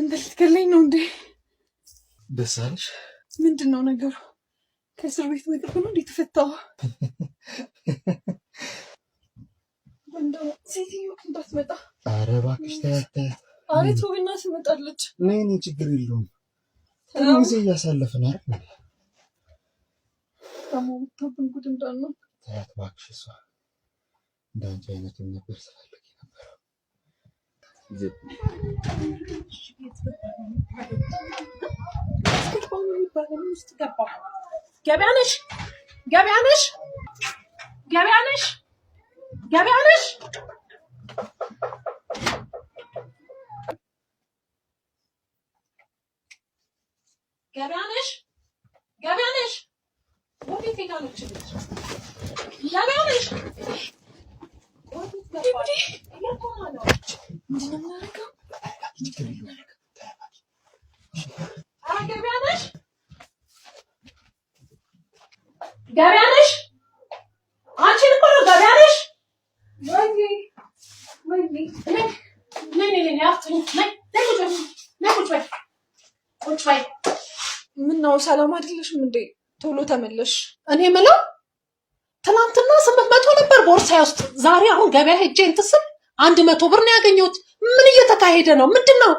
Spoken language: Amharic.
አንተ ልትገለኝ ነው እንዴ? ደስ አለሽ? ምንድን ነው ነገሩ? ከእስር ቤት በቅርብ ነው እንዴ ተፈታው? ሴትዮ እንዳትመጣ። ኧረ እባክሽ ተያት ተያት። ኧረ ተው እና ትመጣለች። እኔ ችግር የለውም ጊዜ እያሳለፍን አይደል? ታሞ ብታብን ጉድ እንዳልነው። ተያት እባክሽ። እሷ እንዳንቺ አይነት ነገር ስላለ ገበያ ነሽ፣ ገበያ ነሽ፣ ገበያ ነሽ፣ ገበያ ነሽ። ገበያ ነሽ፣ ገበያ ነሽ፣ ወዴት ሄዳ ነች? ገበያ ነሽ ገበያ ነሽ? አንቺን እኮ ነው ገበያ ነሽ? ምነው ሰላም አይደለሽም እንዴ? ቶሎ ተመለሽ። እኔ ምለው ትናንትና ስምንት መቶ ነበር ቦርሳዬ ውስጥ፣ ዛሬ አሁን ገበያ ሄጄ እንትን ስል አንድ መቶ ብር ነው ያገኘሁት። ምን እየተካሄደ ነው? ምንድን ነው